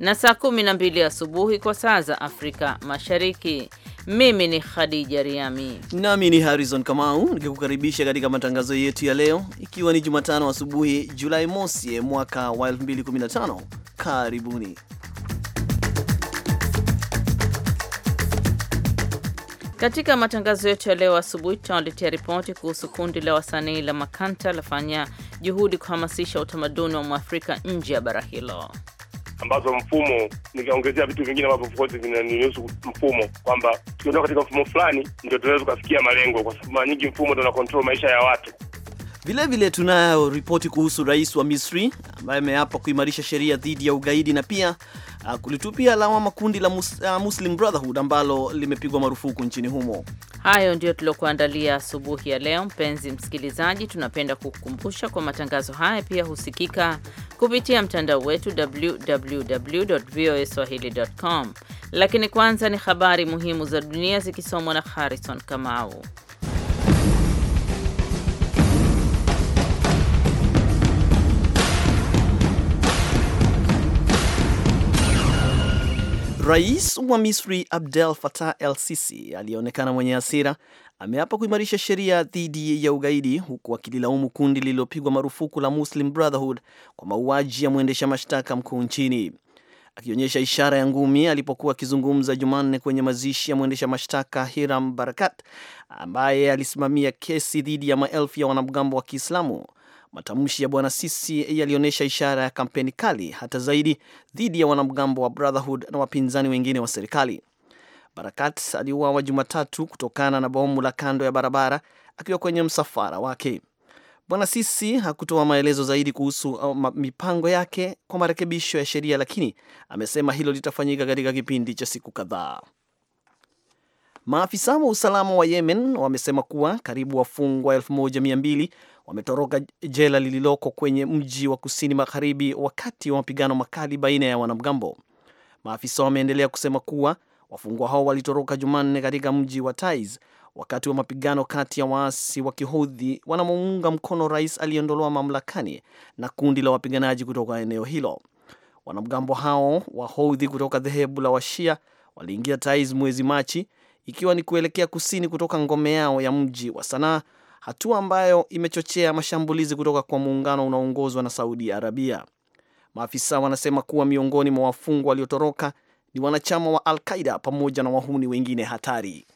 na saa 12 asubuhi kwa saa za Afrika Mashariki. Mimi ni Khadija Riami nami ni Harrison Kamau nikikukaribisha katika matangazo yetu ya leo, ikiwa ni Jumatano asubuhi Julai mosi mwaka wa 2015. Karibuni katika matangazo yetu ya leo asubuhi. Tutawaletea ripoti kuhusu kundi la wasanii la Makanta lafanya juhudi kuhamasisha utamaduni wa Mwafrika nje ya bara hilo ambazo mfumo, nikaongezea vitu vingine ambavyo of vinanihusu mfumo, kwamba tukiondoka katika mfumo fulani ndio tunaweza tukafikia malengo, kwa sababu mara nyingi mfumo ndio una control maisha ya watu. Vilevile tunayo ripoti kuhusu rais wa Misri ambaye ameapa kuimarisha sheria dhidi ya ugaidi na pia uh, kulitupia lawama kundi la mus, uh, Muslim Brotherhood ambalo limepigwa marufuku nchini humo. Hayo ndiyo tuliokuandalia asubuhi ya leo. Mpenzi msikilizaji, tunapenda kukukumbusha kwa matangazo haya pia husikika kupitia mtandao wetu www.voaswahili.com. Lakini kwanza ni habari muhimu za dunia zikisomwa na Harrison Kamau. Rais wa Misri Abdel Fattah El Sisi aliyeonekana mwenye hasira ameapa kuimarisha sheria dhidi ya ugaidi huku akililaumu kundi lililopigwa marufuku la Muslim Brotherhood kwa mauaji ya mwendesha mashtaka mkuu nchini. Akionyesha ishara ya ngumi alipokuwa akizungumza Jumanne kwenye mazishi ya mwendesha mashtaka Hiram Barakat ambaye alisimamia kesi dhidi ya maelfu ya wanamgambo wa Kiislamu Matamshi ya bwana Sisi yalionyesha ishara ya kampeni kali hata zaidi dhidi ya wanamgambo wa Brotherhood na wapinzani wengine wa serikali. Barakat aliuawa Jumatatu kutokana na bomu la kando ya barabara akiwa kwenye msafara wake. Bwana Sisi hakutoa maelezo zaidi kuhusu uh, mipango yake kwa marekebisho ya sheria, lakini amesema hilo litafanyika katika kipindi cha siku kadhaa. Maafisa wa usalama wa Yemen wamesema kuwa karibu wafungwa 1200 wametoroka jela lililoko kwenye mji wa kusini magharibi wakati wa mapigano makali baina ya wanamgambo. Maafisa wameendelea kusema kuwa wafungwa hao walitoroka Jumanne katika mji wa Taiz wakati wa mapigano kati ya waasi wa kihudhi wanamuunga mkono rais aliyeondolewa mamlakani na kundi la wapiganaji kutoka eneo hilo. Wanamgambo hao houdhi kutoka dhehebu la Washia waliingia Taiz mwezi Machi, ikiwa ni kuelekea kusini kutoka ngome yao ya mji wa Sanaa hatua ambayo imechochea mashambulizi kutoka kwa muungano unaoongozwa na Saudi Arabia. Maafisa wanasema kuwa miongoni mwa wafungwa waliotoroka ni wanachama wa Al Qaida pamoja na wahuni wengine hatari.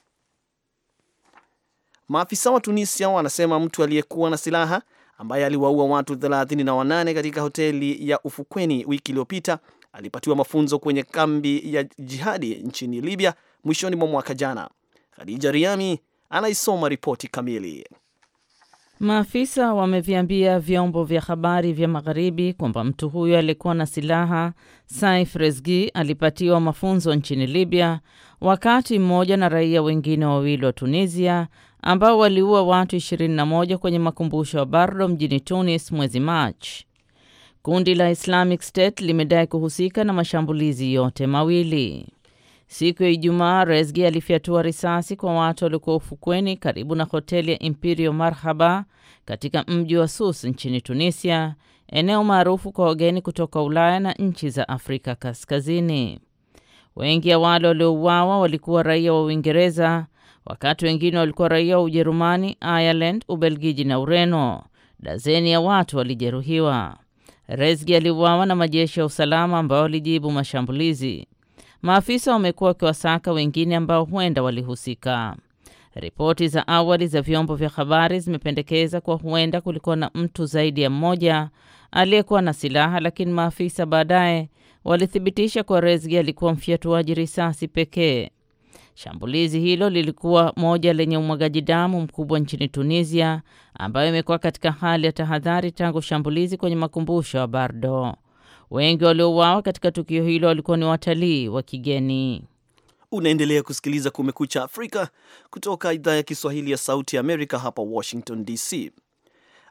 Maafisa wa Tunisia wanasema mtu aliyekuwa na silaha ambaye aliwaua watu 38 katika hoteli ya ufukweni wiki iliyopita alipatiwa mafunzo kwenye kambi ya jihadi nchini Libya mwishoni mwa mwaka jana. Khadija Riami anaisoma ripoti kamili. Maafisa wameviambia vyombo vya habari vya magharibi kwamba mtu huyo alikuwa na silaha. Saif Rezgi alipatiwa mafunzo nchini Libya wakati mmoja na raia wengine wawili wa Tunisia ambao waliua watu 21 kwenye makumbusho ya Bardo mjini Tunis mwezi Machi. Kundi la Islamic State limedai kuhusika na mashambulizi yote mawili. Siku ya Ijumaa, Rezgi alifyatua risasi kwa watu waliokuwa ufukweni karibu na hoteli ya imperio Marhaba katika mji wa Sus nchini Tunisia, eneo maarufu kwa wageni kutoka Ulaya na nchi za Afrika Kaskazini. Wengi ya wale waliouawa walikuwa raia wa Uingereza, wakati wengine walikuwa raia wa Ujerumani, Ireland, Ubelgiji na Ureno. Dazeni ya watu walijeruhiwa. Rezgi aliuawa na majeshi ya usalama ambayo walijibu mashambulizi. Maafisa wamekuwa wakiwasaka wengine ambao huenda walihusika. Ripoti za awali za vyombo vya habari zimependekeza kuwa huenda kulikuwa na mtu zaidi ya mmoja aliyekuwa na silaha, lakini maafisa baadaye walithibitisha kuwa Rezgi alikuwa mfyatuaji risasi pekee. Shambulizi hilo lilikuwa moja lenye umwagaji damu mkubwa nchini Tunisia, ambayo imekuwa katika hali ya tahadhari tangu shambulizi kwenye makumbusho ya Bardo. Wengi waliouawa katika tukio hilo walikuwa ni watalii wa kigeni. Unaendelea kusikiliza Kumekucha Afrika kutoka idhaa ya Kiswahili ya Sauti ya Amerika, hapa Washington DC.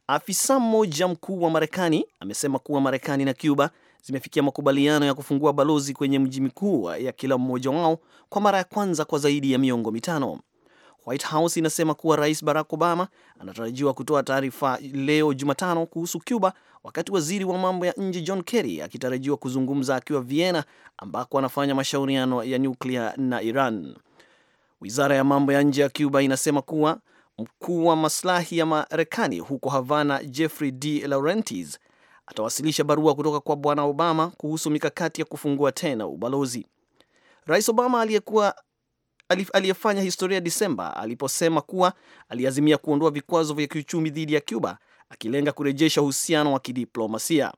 Afisa mmoja mkuu wa Marekani amesema kuwa Marekani na Cuba zimefikia makubaliano ya kufungua balozi kwenye mji mkuu ya kila mmoja wao kwa mara ya kwanza kwa zaidi ya miongo mitano. White House inasema kuwa Rais Barack Obama anatarajiwa kutoa taarifa leo Jumatano kuhusu Cuba, wakati waziri wa mambo ya nje John Kerry akitarajiwa kuzungumza akiwa Vienna ambako anafanya mashauriano ya nyuklia na Iran. Wizara ya mambo ya nje ya Cuba inasema kuwa mkuu wa maslahi ya Marekani huko Havana, Jeffrey D Laurentis, atawasilisha barua kutoka kwa Bwana Obama kuhusu mikakati ya kufungua tena ubalozi. Rais Obama aliyekuwa aliyefanya historia Disemba aliposema kuwa aliazimia kuondoa vikwazo vya kiuchumi dhidi ya Cuba akilenga kurejesha uhusiano wa kidiplomasia.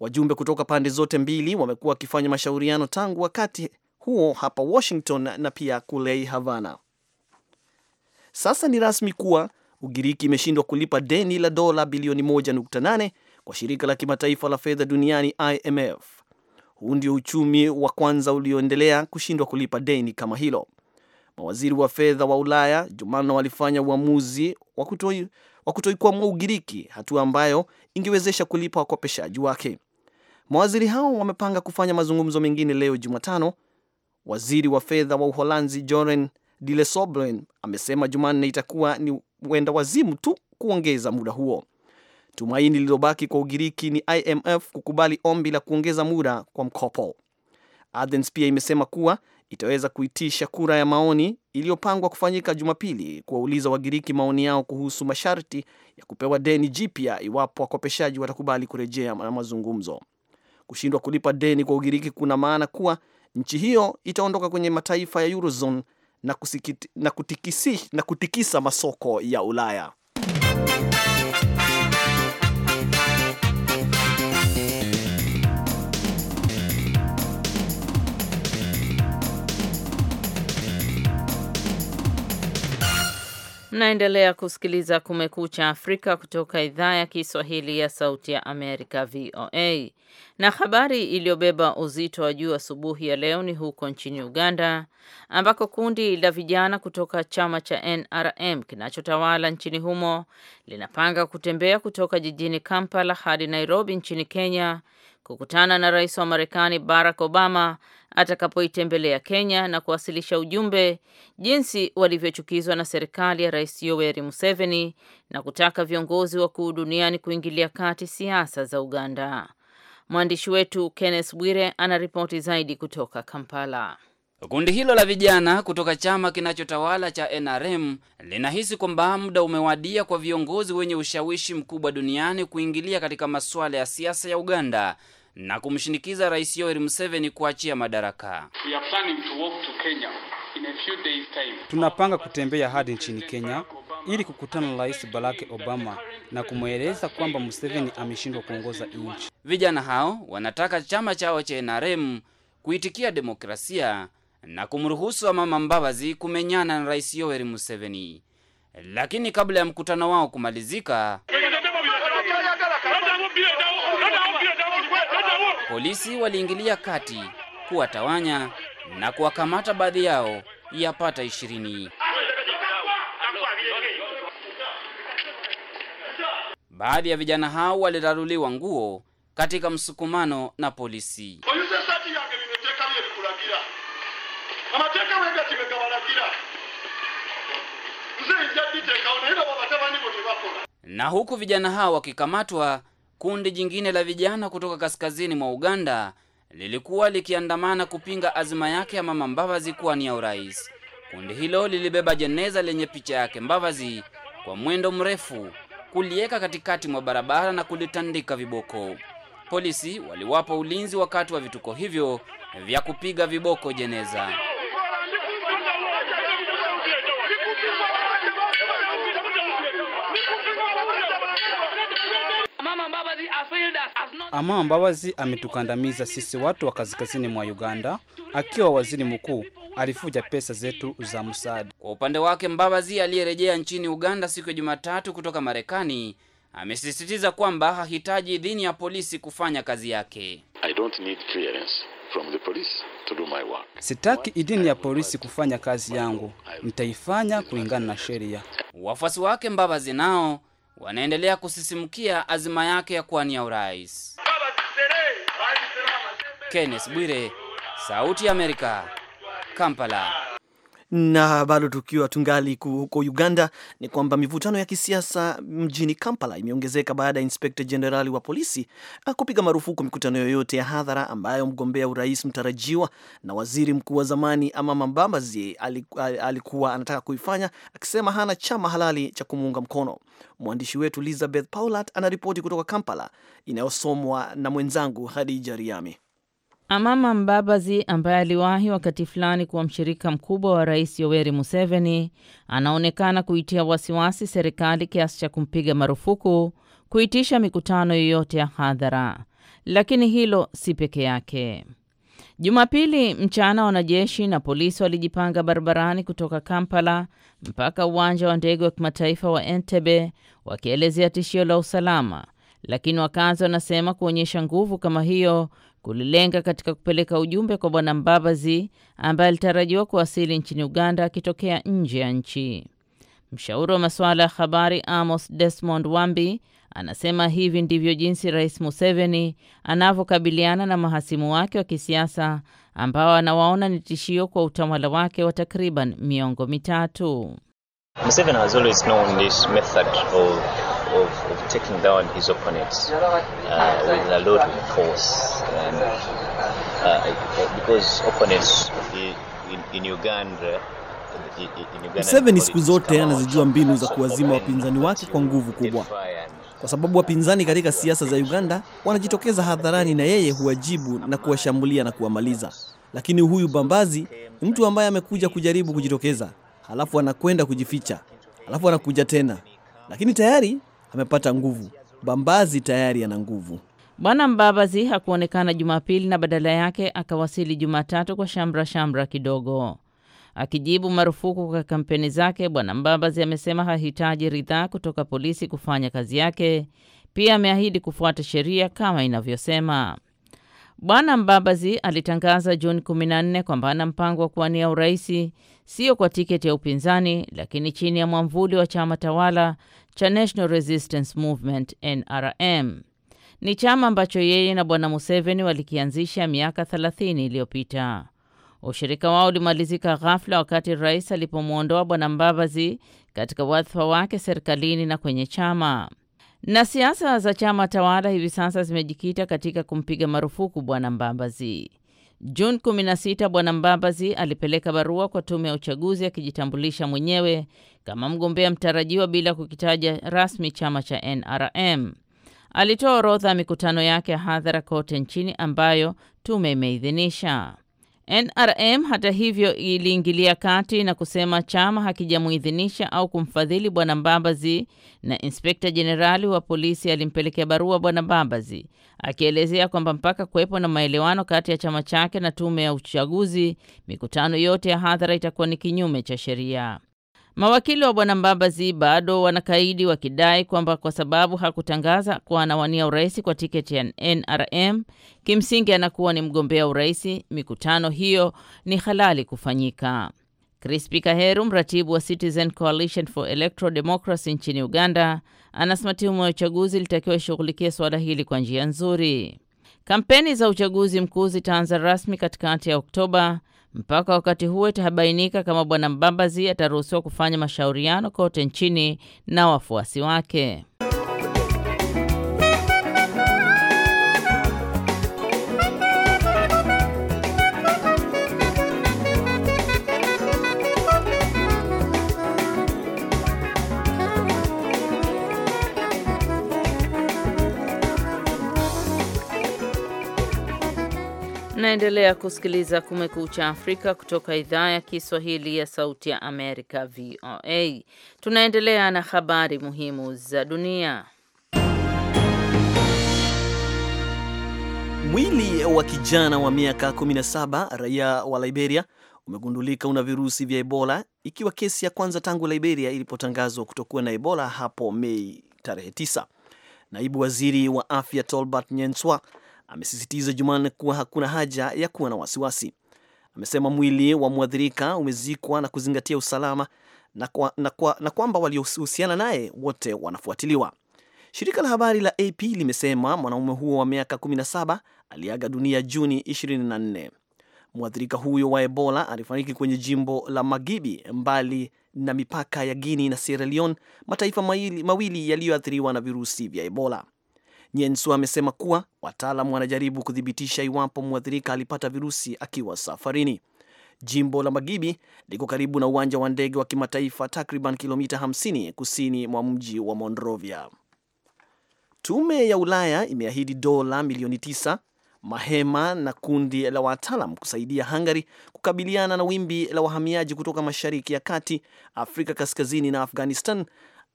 Wajumbe kutoka pande zote mbili wamekuwa wakifanya mashauriano tangu wakati huo hapa Washington na pia kule Havana. Sasa ni rasmi kuwa Ugiriki imeshindwa kulipa deni la dola bilioni 1.8 kwa shirika la kimataifa la fedha duniani IMF. Huu ndio uchumi wa kwanza ulioendelea kushindwa kulipa deni kama hilo mawaziri wa fedha wa Ulaya Jumanne walifanya uamuzi wa kutoikwamua Ugiriki, hatua ambayo ingewezesha kulipa wakopeshaji wake. Mawaziri hao wamepanga kufanya mazungumzo mengine leo Jumatano. Waziri wa fedha wa Uholanzi Joren de Soblin amesema Jumanne itakuwa ni wenda wazimu tu kuongeza muda huo. Tumaini lililobaki kwa Ugiriki ni IMF kukubali ombi la kuongeza muda kwa mkopo. Athens pia imesema kuwa itaweza kuitisha kura ya maoni iliyopangwa kufanyika Jumapili kuwauliza Wagiriki maoni yao kuhusu masharti ya kupewa deni jipya iwapo wakopeshaji watakubali kurejea na mazungumzo. Kushindwa kulipa deni kwa Ugiriki kuna maana kuwa nchi hiyo itaondoka kwenye mataifa ya Eurozone na, kutikisi, na kutikisa masoko ya Ulaya. Mnaendelea kusikiliza Kumekucha Afrika kutoka idhaa ya Kiswahili ya Sauti ya Amerika, VOA. Na habari iliyobeba uzito wa juu asubuhi ya leo ni huko nchini Uganda, ambako kundi la vijana kutoka chama cha NRM kinachotawala nchini humo linapanga kutembea kutoka jijini Kampala hadi Nairobi nchini Kenya kukutana na rais wa Marekani Barack Obama atakapoitembelea Kenya na kuwasilisha ujumbe jinsi walivyochukizwa na serikali ya Rais Yoweri Museveni na kutaka viongozi wakuu duniani kuingilia kati siasa za Uganda. Mwandishi wetu Kenneth Bwire anaripoti zaidi kutoka Kampala. Kundi hilo la vijana kutoka chama kinachotawala cha NRM linahisi kwamba muda umewadia kwa viongozi wenye ushawishi mkubwa duniani kuingilia katika masuala ya siasa ya Uganda na kumshinikiza Rais Yoweri Museveni kuachia madaraka. Tunapanga kutembea hadi nchini Kenya ili kukutana na Rais Barack Obama na kumweleza kwamba Museveni ameshindwa kuongoza nchi. Vijana hao wanataka chama chao cha NRM kuitikia demokrasia na kumruhusu wa mama Mbabazi kumenyana na Rais Yoweri Museveni. Lakini kabla ya mkutano wao kumalizika Polisi waliingilia kati kuwatawanya na kuwakamata baadhi yao yapata ishirini. Baadhi ya vijana hao waliraruliwa nguo katika msukumano na polisi. Na huku vijana hao wakikamatwa kundi jingine la vijana kutoka kaskazini mwa Uganda lilikuwa likiandamana kupinga azima yake ya mama mbavazi kuwa ya urais. Kundi hilo lilibeba jeneza lenye picha yake mbavazi kwa mwendo mrefu, kulieka katikati mwa barabara na kulitandika viboko. Polisi waliwapa ulinzi wakati wa vituko hivyo vya kupiga viboko jeneza. Ama Mbabazi ametukandamiza sisi watu wa kaskazini mwa Uganda. Akiwa waziri mkuu, alifuja pesa zetu za msaada. Kwa upande wake, Mbabazi aliyerejea nchini Uganda siku ya Jumatatu kutoka Marekani amesisitiza kwamba hahitaji idhini ya polisi kufanya kazi yake. I don't need clearance from the police to do my work. Sitaki idhini ya polisi kufanya kazi yangu, nitaifanya kulingana na sheria. Wafuasi wake Mbabazi nao wanaendelea kusisimkia azima yake ya kuwania urais. Kenneth Bwire, Sauti ya Amerika, Kampala. Na bado tukiwa tungali huko Uganda, ni kwamba mivutano ya kisiasa mjini Kampala imeongezeka baada ya inspekta jenerali wa polisi ah, kupiga marufuku mikutano yoyote ya hadhara ambayo mgombea urais mtarajiwa na waziri mkuu wa zamani Amama Mbabazi alikuwa anataka kuifanya, akisema hana chama halali cha kumuunga mkono. Mwandishi wetu Elizabeth Paulat anaripoti kutoka Kampala, inayosomwa na mwenzangu Hadija Riami. Amama Mbabazi ambaye aliwahi wakati fulani kuwa mshirika mkubwa wa Rais Yoweri Museveni anaonekana kuitia wasiwasi serikali kiasi cha kumpiga marufuku kuitisha mikutano yoyote ya hadhara. Lakini hilo si peke yake. Jumapili mchana wanajeshi na polisi walijipanga barabarani kutoka Kampala mpaka uwanja wa ndege wa kimataifa wa Entebbe wakielezea tishio la usalama, lakini wakazi wanasema kuonyesha nguvu kama hiyo kulilenga katika kupeleka ujumbe kwa Bwana Mbabazi ambaye alitarajiwa kuwasili nchini Uganda akitokea nje ya nchi. Mshauri wa masuala ya habari Amos Desmond Wambi anasema hivi ndivyo jinsi Rais Museveni anavyokabiliana na mahasimu wake wa kisiasa ambao anawaona ni tishio kwa utawala wake wa takriban miongo mitatu. Museveni has always known this method of of, of taking down his opponents uh, with a lot of force. And, uh, because opponents in, in Uganda Museveni siku zote anazijua mbinu za kuwazima wapinzani wake kwa nguvu kubwa, kwa sababu wapinzani katika siasa za Uganda wanajitokeza hadharani na yeye huwajibu na kuwashambulia na kuwamaliza. Lakini huyu Bambazi ni mtu ambaye amekuja kujaribu kujitokeza, halafu anakwenda kujificha, halafu anakuja tena, lakini tayari amepata nguvu. Bambazi tayari ana nguvu. Bwana Mbabazi hakuonekana Jumapili na badala yake akawasili Jumatatu kwa shamra shamra kidogo. Akijibu marufuku kwa kampeni zake, Bwana Mbabazi amesema hahitaji ridhaa kutoka polisi kufanya kazi yake. Pia ameahidi kufuata sheria kama inavyosema. Bwana Mbabazi alitangaza Juni 14 kwamba ana mpango wa kuwania uraisi, sio kwa tiketi ya upinzani, lakini chini ya mwamvuli wa chama tawala cha National Resistance Movement NRM. Ni chama ambacho yeye na Bwana Museveni walikianzisha miaka 30 iliyopita. Ushirika wao ulimalizika ghafla wakati rais alipomwondoa Bwana Mbabazi katika wadhifa wake serikalini na kwenye chama. Na siasa za chama tawala hivi sasa zimejikita katika kumpiga marufuku Bwana Mbabazi. Juni 16 Bwana Mbabazi alipeleka barua kwa tume ya uchaguzi akijitambulisha mwenyewe kama mgombea mtarajiwa bila kukitaja rasmi chama cha NRM. Alitoa orodha ya mikutano yake ya hadhara kote nchini ambayo tume imeidhinisha. NRM hata hivyo iliingilia kati na kusema chama hakijamuidhinisha au kumfadhili Bwana Mbabazi, na inspekta jenerali wa polisi alimpelekea barua Bwana Mbabazi akielezea kwamba mpaka kuwepo na maelewano kati ya chama chake na tume ya uchaguzi, mikutano yote ya hadhara itakuwa ni kinyume cha sheria. Mawakili wa bwana Mbabazi bado wanakaidi wakidai kwamba kwa sababu hakutangaza kuwa anawania urais kwa tiketi ya NRM, kimsingi anakuwa ni mgombea urais. Mikutano hiyo ni halali kufanyika. Krispi Kaheru, mratibu wa Citizen Coalition for Electoral Democracy nchini Uganda, anasema timu ya uchaguzi ilitakiwa ishughulikie suala hili kwa njia nzuri. Kampeni za uchaguzi mkuu zitaanza rasmi katikati ya Oktoba mpaka wakati huo itahabainika kama Bwana Mbambazi ataruhusiwa kufanya mashauriano kote nchini na wafuasi wake. Unaendelea kusikiliza Kumekucha Afrika kutoka idhaa ya Kiswahili ya Sauti ya Amerika, VOA. Tunaendelea na habari muhimu za dunia. Mwili wa kijana wa miaka 17 raia wa Liberia umegundulika una virusi vya Ebola, ikiwa kesi ya kwanza tangu Liberia ilipotangazwa kutokuwa na Ebola hapo Mei tarehe 9. Naibu waziri wa afya Tolbert Nyenswa amesisitiza Jumanne kuwa hakuna haja ya kuwa na wasiwasi. Amesema mwili wa mwathirika umezikwa na kuzingatia usalama na, kwa, na, kwa, na kwamba waliohusiana naye wote wanafuatiliwa. Shirika la habari la AP limesema mwanaume huo wa miaka 17 aliaga dunia Juni 24. Mwathirika huyo wa Ebola alifariki kwenye jimbo la Magibi, mbali na mipaka ya Guinea na Sierra Leone, mataifa mawili, mawili yaliyoathiriwa na virusi vya Ebola. Nyensu amesema kuwa wataalam wanajaribu kuthibitisha iwapo mwathirika alipata virusi akiwa safarini. Jimbo la magibi liko karibu na uwanja wa ndege wa kimataifa takriban kilomita 50 kusini mwa mji wa Monrovia. Tume ya Ulaya imeahidi dola milioni 9 mahema na kundi la wataalam kusaidia Hungary kukabiliana na wimbi la wahamiaji kutoka Mashariki ya Kati, Afrika Kaskazini na Afghanistan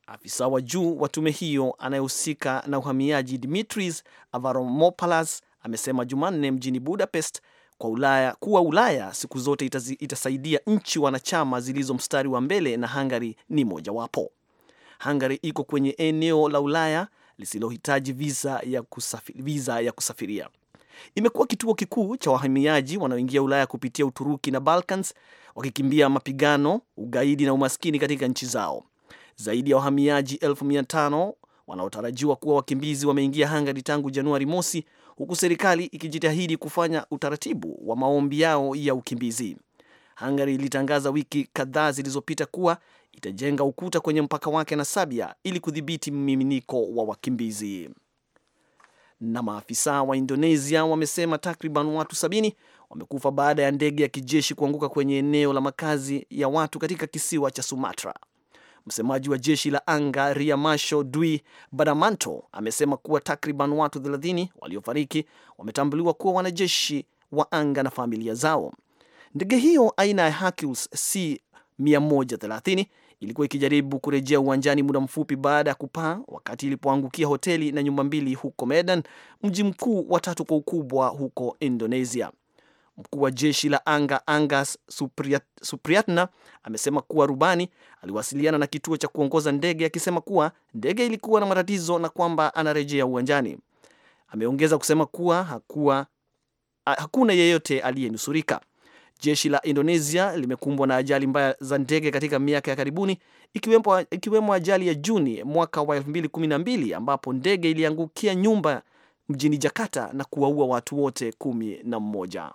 Afisa wa juu wa tume hiyo anayehusika na uhamiaji Dimitris Avramopoulos amesema Jumanne mjini Budapest kwa Ulaya, kuwa Ulaya siku zote itasaidia nchi wanachama zilizo mstari wa mbele na Hungary ni mojawapo. Hungary iko kwenye eneo la Ulaya lisilohitaji visa ya, kusafiri, visa ya kusafiria. Imekuwa kituo kikuu cha wahamiaji wanaoingia Ulaya kupitia Uturuki na Balkans wakikimbia mapigano, ugaidi na umaskini katika nchi zao. Zaidi ya wahamiaji elfu mia tano wanaotarajiwa kuwa wakimbizi wameingia Hungary tangu Januari mosi, huku serikali ikijitahidi kufanya utaratibu wa maombi yao ya ukimbizi. Hungary ilitangaza wiki kadhaa zilizopita kuwa itajenga ukuta kwenye mpaka wake na Sabia ili kudhibiti mmiminiko wa wakimbizi. Na maafisa wa Indonesia wamesema takriban watu sabini wamekufa baada ya ndege ya kijeshi kuanguka kwenye eneo la makazi ya watu katika kisiwa cha Sumatra. Msemaji wa jeshi la anga Ria Masho Dwi Badamanto amesema kuwa takriban watu 30 waliofariki wametambuliwa kuwa wanajeshi wa anga na familia zao. Ndege hiyo aina ya Hercules C 130 ilikuwa ikijaribu kurejea uwanjani muda mfupi baada ya kupaa wakati ilipoangukia hoteli na nyumba mbili huko Medan, mji mkuu wa tatu kwa ukubwa huko Indonesia. Mkuu wa jeshi la anga Angas Supriat, Supriatna amesema kuwa rubani aliwasiliana na kituo cha kuongoza ndege akisema kuwa ndege ilikuwa na matatizo na kwamba anarejea uwanjani. Ameongeza kusema kuwa hakuwa, hakuna yeyote aliyenusurika. Jeshi la Indonesia limekumbwa na ajali mbaya za ndege katika miaka ya karibuni ikiwemo, ikiwemo ajali ya Juni mwaka wa 2012 ambapo ndege iliangukia nyumba mjini Jakarta na kuwaua watu wote kumi na mmoja.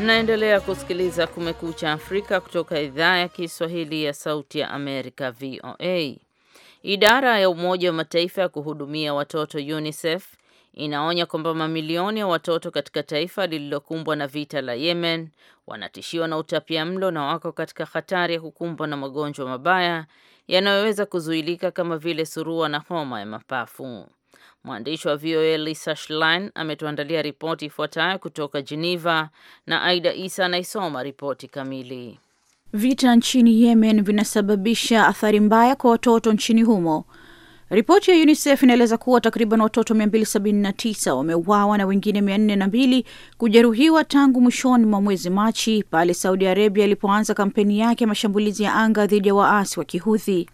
Naendelea kusikiliza Kumekucha Afrika kutoka idhaa ya Kiswahili ya Sauti ya Amerika, VOA. Idara ya Umoja wa Mataifa ya kuhudumia watoto UNICEF inaonya kwamba mamilioni ya watoto katika taifa lililokumbwa na vita la Yemen wanatishiwa na utapia mlo na wako katika hatari ya kukumbwa na magonjwa mabaya yanayoweza kuzuilika kama vile surua na homa ya mapafu. Mwandishi wa VOA Lisa Schlein ametuandalia ripoti ifuatayo kutoka Geneva na Aida Isa anaisoma ripoti kamili. Vita nchini Yemen vinasababisha athari mbaya kwa watoto nchini humo Ripoti ya UNICEF inaeleza kuwa takriban watoto 279 wameuawa na wengine 402 kujeruhiwa tangu mwishoni mwa mwezi Machi pale Saudi Arabia ilipoanza kampeni yake ya mashambulizi ya anga dhidi ya waasi wa Kihudhi.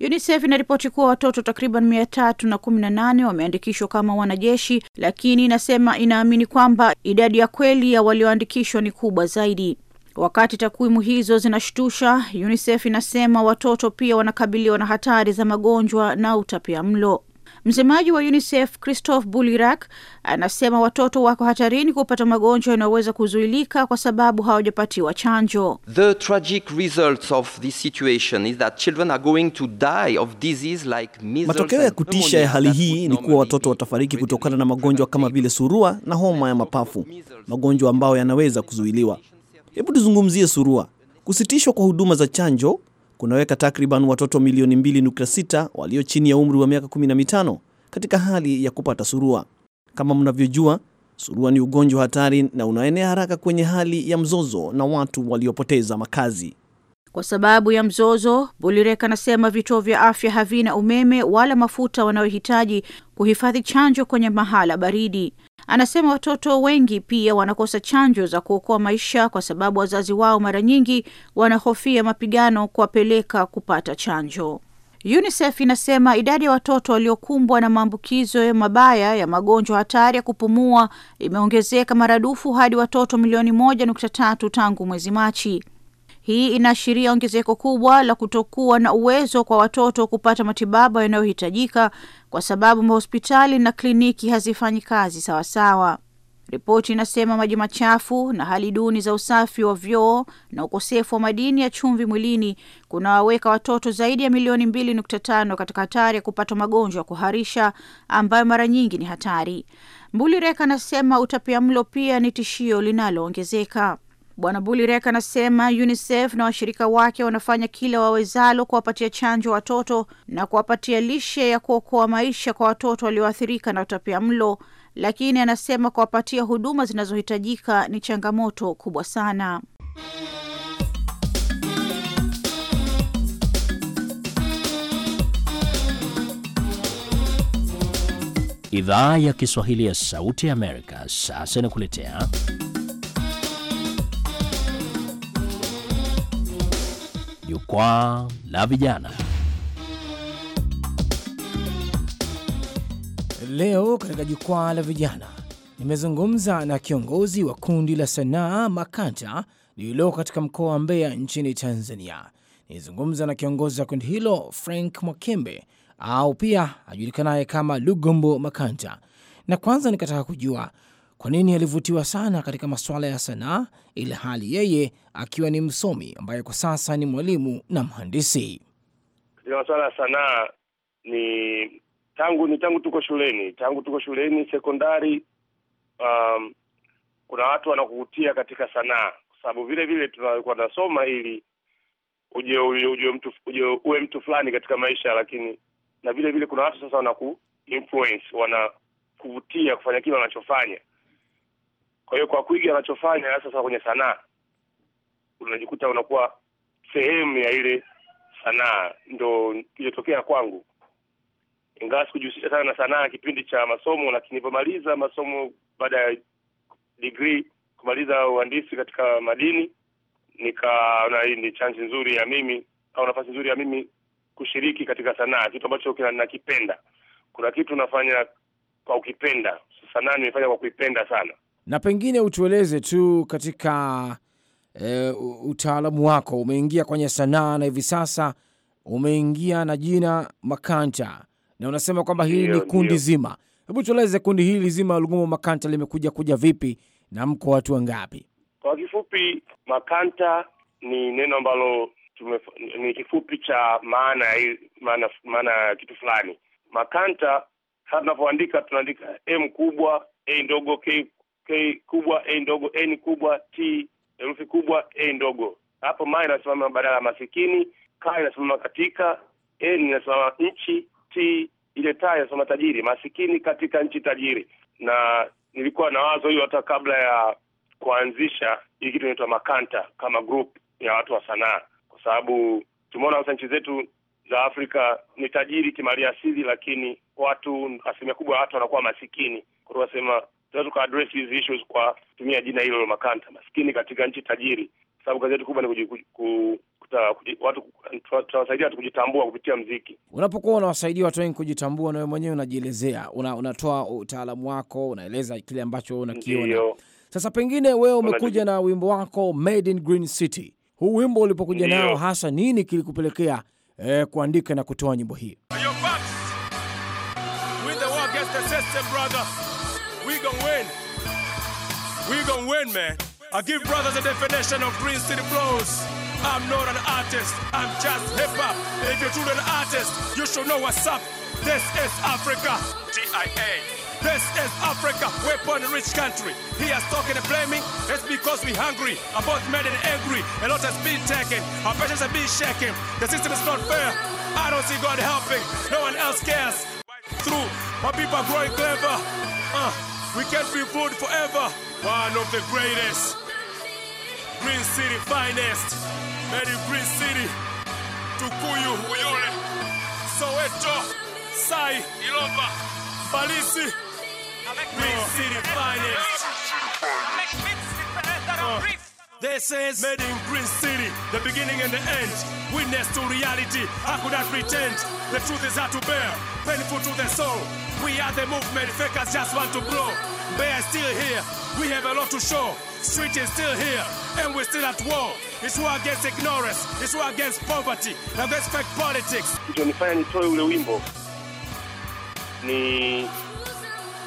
UNICEF inaripoti kuwa watoto takriban mia tatu na kumi na nane wameandikishwa kama wanajeshi, lakini inasema inaamini kwamba idadi ya kweli ya walioandikishwa ni kubwa zaidi. Wakati takwimu hizo zinashtusha, UNICEF inasema watoto pia wanakabiliwa na hatari za magonjwa na utapia mlo Msemaji wa UNICEF Christophe bulirak anasema watoto wako hatarini kupata magonjwa yanayoweza kuzuilika kwa sababu hawajapatiwa chanjo. The tragic results of this situation is that children are going to die of disease like measles. Matokeo ya kutisha ya hali hii ni kuwa watoto watafariki kutokana na magonjwa kama vile surua na homa ya mapafu, magonjwa ambayo yanaweza kuzuiliwa. Hebu tuzungumzie surua. Kusitishwa kwa huduma za chanjo kunaweka takriban watoto milioni 2.6 walio chini ya umri wa miaka 15 katika hali ya kupata surua. Kama mnavyojua, surua ni ugonjwa hatari na unaenea haraka kwenye hali ya mzozo na watu waliopoteza makazi. Kwa sababu ya mzozo, Bulirek anasema vituo vya afya havina umeme wala mafuta wanayohitaji kuhifadhi chanjo kwenye mahala baridi. Anasema watoto wengi pia wanakosa chanjo za kuokoa maisha kwa sababu wazazi wao mara nyingi wanahofia mapigano kuwapeleka kupata chanjo. UNICEF inasema idadi ya watoto waliokumbwa na maambukizo mabaya ya magonjwa hatari ya kupumua imeongezeka maradufu hadi watoto milioni 1.3 tangu mwezi Machi. Hii inaashiria ongezeko kubwa la kutokuwa na uwezo kwa watoto kupata matibabu yanayohitajika kwa sababu mahospitali na kliniki hazifanyi kazi sawasawa. Ripoti inasema maji machafu na hali duni za usafi wa vyoo na ukosefu wa madini ya chumvi mwilini kunawaweka watoto zaidi ya milioni mbili nukta tano katika hatari ya kupata magonjwa ya kuharisha ambayo mara nyingi ni hatari. Mbulirek anasema utapia mlo pia ni tishio linaloongezeka. Bwana Bulirek anasema UNICEF na washirika wake wanafanya kila wawezalo kuwapatia chanjo watoto na kuwapatia lishe ya kuokoa maisha kwa watoto walioathirika na utapia mlo, lakini anasema kuwapatia huduma zinazohitajika ni changamoto kubwa sana. Idhaa ya Kiswahili ya Sauti ya Amerika sasa inakuletea Jukwaa la Vijana. Leo katika Jukwaa la Vijana nimezungumza na kiongozi wa kundi la sanaa Makanta lililoko katika mkoa wa Mbeya nchini Tanzania. Nilizungumza na kiongozi wa kundi hilo Frank Mwakembe au pia ajulikanaye kama Lugombo Makanta, na kwanza nikataka kujua kwa nini alivutiwa sana katika masuala ya sanaa, ili hali yeye akiwa ni msomi ambaye kwa sasa ni mwalimu na mhandisi. Katika masuala ya sanaa ni tangu ni tangu tuko shuleni, tangu tuko shuleni sekondari, um, kuna watu wanakuvutia katika sanaa, kwa sababu vile vile tunakuwa tunasoma ili uje uje mtu uje uwe mtu fulani katika maisha, lakini na vile vile kuna watu sasa wanaku influence wanakuvutia kufanya kile wanachofanya. Kwa hiyo kwa kuiga anachofanya sasa kwenye sanaa, unajikuta unakuwa sehemu ya ile sanaa. Ndo kilichotokea kwangu, ingawa sikujihusisha sana na sanaa kipindi cha masomo, lakini nilipomaliza masomo baada ya degree kumaliza uhandisi katika madini, nikaona hii ni chansi nzuri ya mimi au nafasi nzuri ya mimi kushiriki katika sanaa, kitu ambacho nakipenda. Kuna kitu nafanya kwa ukipenda, sanaa nimefanya kwa kuipenda sana na pengine utueleze tu katika e, utaalamu wako, umeingia kwenye sanaa na hivi sasa umeingia na jina Makanta na unasema kwamba hili ni kundi zima. Hebu tueleze kundi hili zima Lugumo Makanta limekuja kuja vipi na mko watu wangapi? Kwa kifupi, Makanta ni neno ambalo tume, ni kifupi cha maana maana maana kitu fulani. Makanta hata tunavyoandika, tunaandika m kubwa a ndogo k K kubwa A ndogo, N kubwa, T herufi kubwa A ndogo. Hapo ma inasimama badala ya masikini, ka inasimama katika, N inasimama nchi, T ile ta inasimama tajiri, masikini katika nchi tajiri. Na nilikuwa na wazo hiyo hata kabla ya kuanzisha hii kitu inaitwa Makanta kama group ya watu wa sanaa, kwa sababu tumeona sasa nchi zetu za Afrika ni tajiri kimaliasili, lakini watu asilimia kubwa ya watu wanakuwa masikini. Kwa hiyo wasema tunaweza tukaaddress hizi issues kwa kutumia jina hilo la makanta maskini katika nchi tajiri, sababu kazi yetu kubwa ni tunawasaidia watu kujitambua kupitia mziki. Unapokuwa unawasaidia watu wengi kujitambua, na wewe mwenyewe unajielezea, unatoa utaalamu wako, unaeleza kile ambacho unakiona. Sasa pengine wewe umekuja na wimbo wako Made in Green City, huu wimbo ulipokuja nao hasa nini kilikupelekea eh, kuandika na kutoa nyimbo hii? gonna win. We gonna win, man. I give brothers a definition of Green City Blues. I'm not an artist, I'm just hip hop. If you're truly an artist, you should know what's up. This is Africa. DIA. This is Africa, we're born a rich country. He is talking and blaming, it's because we're hungry. About mad and angry, a lot has been taken. Our patience has been shaken. The system is not fair. I don't see God helping, no one else cares. Through, my people are growing clever. Uh. We can not be fooled forever. One of the greatest. Green City finest. Mary Green City. Tukuyu, Uyole. Soweto. Sai. ilova, Balisi. Green City finest. Uh. This is Made in Green City, the beginning and the end. Witness to reality, I could not pretend. The truth is hard to bear, painful to the soul. We are the movement, fakers just want to blow. Bear are still here, we have a lot to show. Street is still here, and we're still at war. It's war against ignorance, it's war against poverty, against fake politics. Kilichonifanya nitoe ule wimbo ni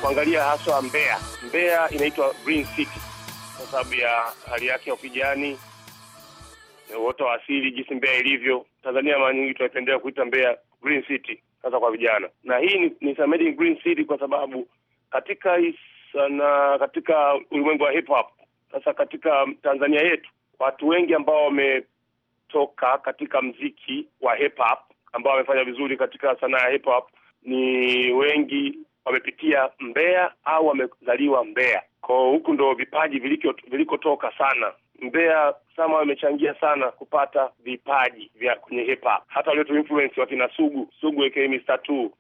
kuangalia haswa Mbeya. Mbeya inaitwa Green City. sababu ya hali yake ya ukijani, uoto wa asili, jinsi Mbeya ilivyo. Tanzania mara nyingi tunaipendelea kuita Mbeya green city, hasa kwa vijana, na hii ni, ni Samedi green city kwa sababu katika sana, katika ulimwengu wa hip hop sasa, katika Tanzania yetu watu wengi ambao wametoka katika mziki wa hip hop ambao wamefanya vizuri katika sanaa ya hip hop ni wengi wamepitia Mbeya au wamezaliwa Mbeya kwao. Huku ndo vipaji vilikotoka sana. mbea sama wamechangia sana kupata vipaji vya kwenye hip hop, hata walioto influence wakina Sugu Sugu aka m Two,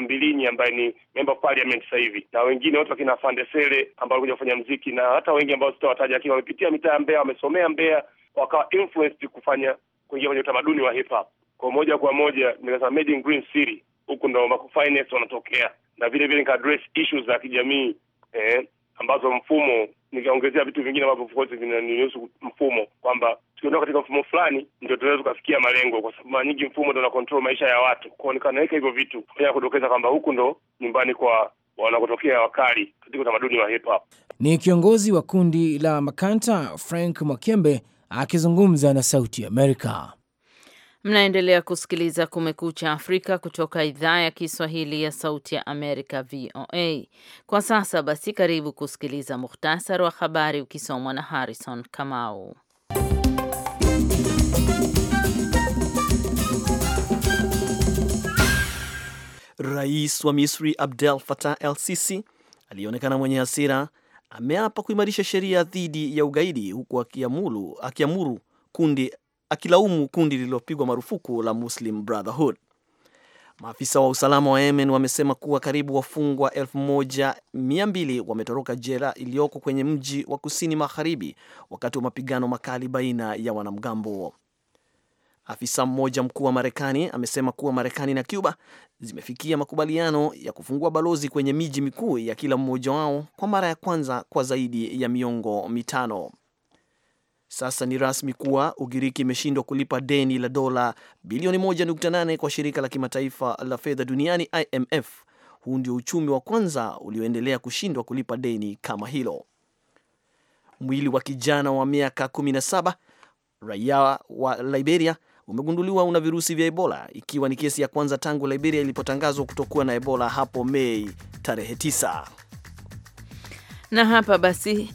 Mbilinyi ambaye ni memba parliament sasa hivi, na wengine wote wakina Fandesele ambao walikuja kufanya mziki na hata wengi ambao sitawataja, lakini wamepitia mitaa ya mbea wamesomea mbea wakawa influenced kufanya kuingia kwenye utamaduni wa hip hop kwa moja kwa moja. Nikasema made in Green City, huku ndo Maku wanatokea, na vile vile nikaaddress issues za kijamii eh, ambazo mfumo nikaongezea vitu vingine ambavyo of vinanihusu mfumo, kwamba tukiondoka katika mfumo fulani ndio tunaweza tukafikia malengo, kwa sababu mara nyingi mfumo ndo na maisha ya watu. Kwao nikanaweka hivyo vitu na kudokeza kwamba huku ndo nyumbani kwa wanakotokea wakali katika utamaduni wa hip hop. Ni kiongozi wa kundi la Makanta Frank Mwakembe akizungumza na Sauti Amerika. Mnaendelea kusikiliza Kumekucha Afrika kutoka idhaa ya Kiswahili ya Sauti ya Amerika, VOA. Kwa sasa basi, karibu kusikiliza muhtasari wa habari ukisomwa na Harrison Kamau. Rais wa Misri Abdel Fattah El Sisi aliyeonekana mwenye hasira ameapa kuimarisha sheria dhidi ya ugaidi huku akiamuru kundi akilaumu kundi lililopigwa marufuku la Muslim Brotherhood. Maafisa wa usalama wa Yemen wamesema kuwa karibu wafungwa 1200 wametoroka jela iliyoko kwenye mji wa kusini magharibi wakati wa mapigano makali baina ya wanamgambo. Afisa mmoja mkuu wa Marekani amesema kuwa Marekani na Cuba zimefikia makubaliano ya kufungua balozi kwenye miji mikuu ya kila mmoja wao kwa mara ya kwanza kwa zaidi ya miongo mitano. Sasa ni rasmi kuwa Ugiriki imeshindwa kulipa deni la dola bilioni 1.8 kwa shirika la kimataifa la fedha duniani IMF. Huu ndio uchumi wa kwanza ulioendelea kushindwa kulipa deni kama hilo. Mwili wa kijana wa miaka 17 raia wa Liberia umegunduliwa una virusi vya Ebola, ikiwa ni kesi ya kwanza tangu Liberia ilipotangazwa kutokuwa na Ebola hapo Mei tarehe 9. Na hapa basi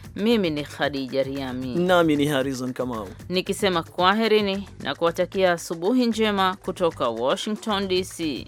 mimi ni Khadija Riami nami ni Harrison Kamau nikisema kwaherini na kuwatakia asubuhi njema kutoka Washington DC.